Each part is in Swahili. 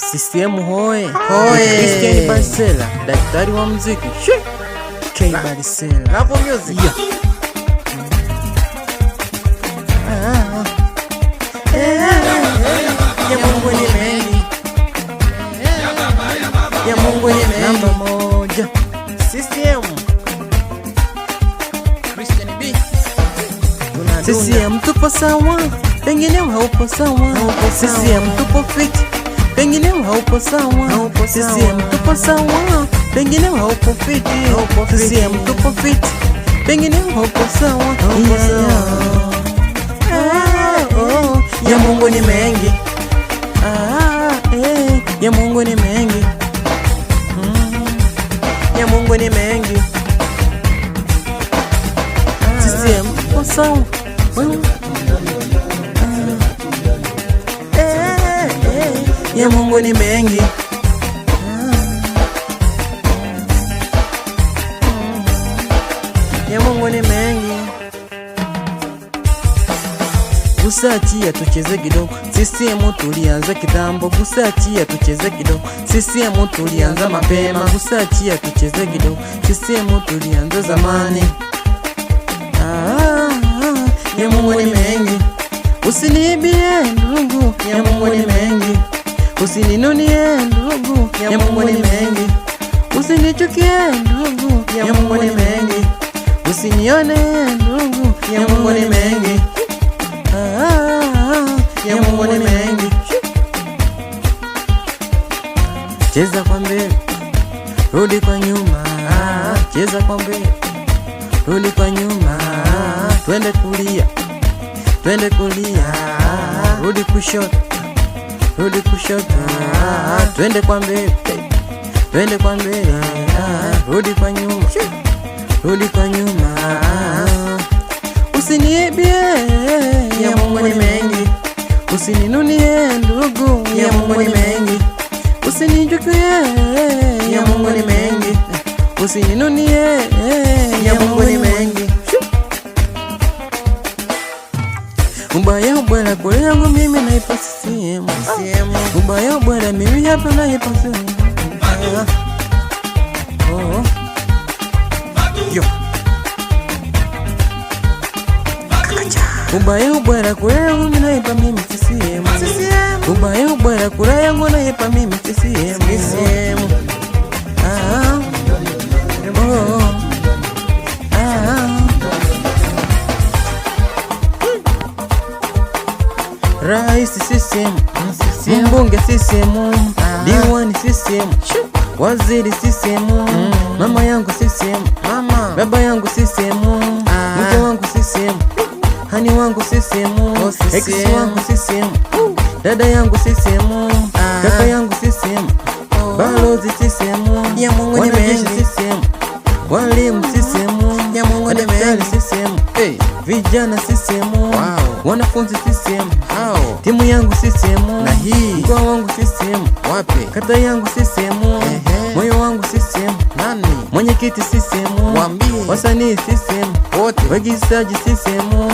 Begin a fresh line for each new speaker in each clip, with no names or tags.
CCM hoye, Christian Barisela daktari wa muziki K Barisela Rap music ya CCM tupo sawa, pengine haupo sawa CCM tupo fit pengineo haupo sawa, CCM tupo sawa, pengineo haupo fiti, CCM tupo fiti, pengineo haupo sawa. Ah, oh. Ya Mungu ni mengi, ah, eh. ya Mungu ni mengi, hmm. ya Mungu ni mengi, CCM tupo sawa hmm. ya Mungu ni mengi ya Mungu ni mengi. Gusaki yatucheze kidogo, sisiemu tulianza kitambo. Gusaki yatucheze kidogo, sisiemu tulianza mapema. Gusaki yatucheze kidogo, sisiemu tulianza zamani. Ah, ah, ah. ya Mungu ni mengi, Usinibie ndugu, ya Mungu ni mengi Usininunie ndugu, ya Mungu ni mengi. Usinichukie ndugu, ya Mungu ni mengi. Usinione ndugu, ya Mungu ni mengi. Ah, ya Mungu ni mengi. Cheza kwa mbele, rudi kwa nyuma. Cheza kwa mbele, rudi kwa nyuma. Twende kulia, twende kulia, rudi kushoto rudi kushoto, twende kwa mbele, twende kwa mbele, rudi kwa nyuma, rudi kwa nyuma, usiniibie ya Mungu ni mengi, usininunie ndugu ya Mungu ni mengi, usinijukie ya Mungu ni mengi, usininunie ya Mungu ni mengi ubaya ubwela kule yangu mimi naipasisi sehemu ubaya bwana, mimi hapa na hapa ubaya bwana, kura yangu naipa mimi sehemu ubaya bwana, kura yangu naipa mimi sehemu rais sisem mbunge sisem diwani sisem waziri sisem mama yangu sisem baba yangu sisem mke wangu sisem hani wangu sisem wangu sisem dada yangu sisem kaka yangu sisem balozi sisem sisem walimu sisem vijana sisemu wanafunzi CCM hao, timu yangu CCM, na hii mkoa wangu CCM, wape kata yangu CCM, moyo wangu CCM, nani mwenyekiti CCM, waambie wasanii CCM wote, waigizaji CCM,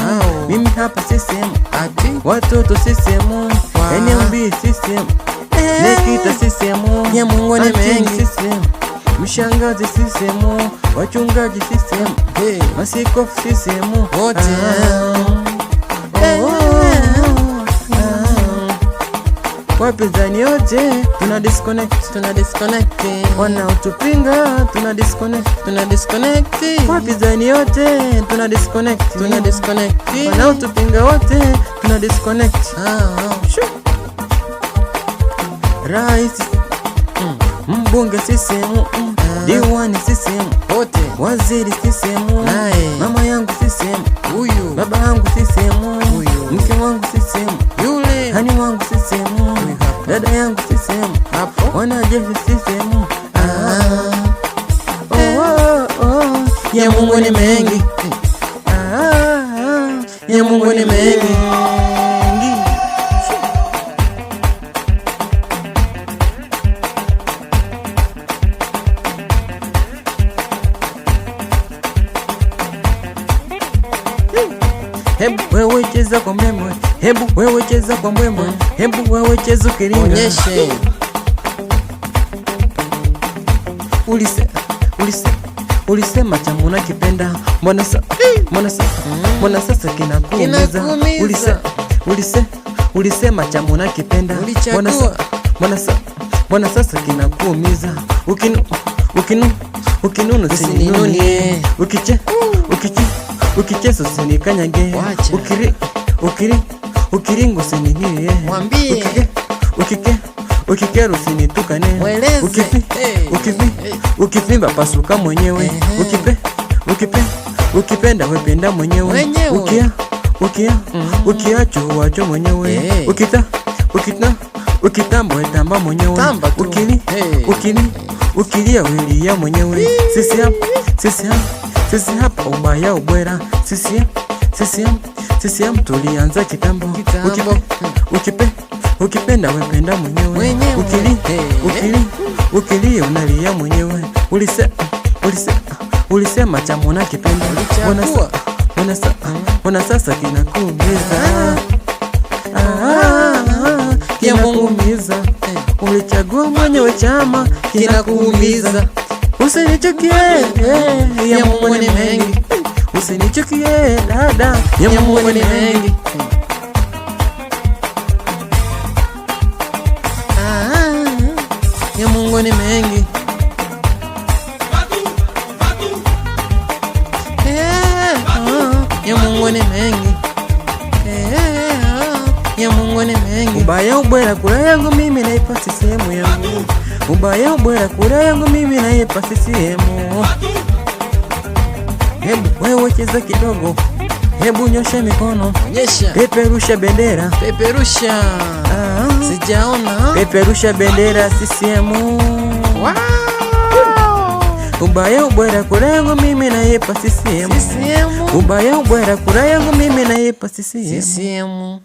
mimi hapa CCM, ati watoto CCM, NMB CCM, Nikita CCM, Nyamwingone mengi CCM mshangazi sisemu wachungaji sisemu hey. masikofu sisemu wote wapinzani yote tuna disconnect, tuna disconnect, wana utupinga tuna disconnect, tuna disconnect, wapinzani yote tuna disconnect, tuna disconnect, wana utupinga wote tuna disconnect. Ah, rais mm. mbunge CCM mm. Ah. diwani CCM wote waziri CCM naye mama yangu CCM huyu baba yangu CCM dada yangu CCM hapo, wana jezi CCM ya Mungu ni mengi, ah, ya Mungu ni mengi. Hebu wewe cheza kwa Hebu wewe cheza kwa mbwembwe, hebu wewe cheza ukiringa, onyeshe ulise ulise ulisema cha muna kipenda mbona sasa mbona sasa mbona sasa kinakuumiza ulise ulise ulisema cha muna kipenda mbona sasa mbona sasa mbona sasa kinakuumiza ukinu ukinu ukinunu sininuni ukiche ukiche ukiche ukicheso sinikanyage ukiri ukiri ukiringa usinihiye, eh. mwambie ukike ukikera usinitukane, ukipi ukipi ukivi ukivimba pasuka mwenyewe, ukipe ukipe ukipenda wependa mwenyewe, ukia ukia mm-hmm. ukiacho wacho mwenyewe, ukita ukita ukitamba wetamba mwenyewe, ukili ukili ukilia welia mwenyewe, sisi hapa sisi hapa sisi hapa ubaya ubwera sisi sisi hapa CCM tulianza kitambo, ukipo Ukipe, ukipenda wependa mwenyewe ukili, ukili, ukili unalia mwenyewe ulise, ulise, ulisema chama unakipenda ona sasa kinakuumiza ah. Ah, ah, kinakuumiza eh. ulichagua mwenyewe chama kinakuumiza usinichukie ya Mungu ni mengi usinichukie dada, Mungu ni mengi ah, ya Mungu ni mengi eh, oh, ya Mungu ni mengi eh, oh, ya Mungu ni mengi. Ubaya ubwela kula yangu mimi naipasi sehemu yangu, ubaya ubwela kula yangu mimi naipasi sehemu Hebu wewe cheza kidogo, hebu nyosha mikono, nyosha, peperusha bendera, peperusha, ah, sijaona, peperusha bendera CCM, wow, ubaya ubwera kura yangu mimi na yepa CCM, CCM, ubaya ubwera kura yangu mimi na naipa CCM, CCM.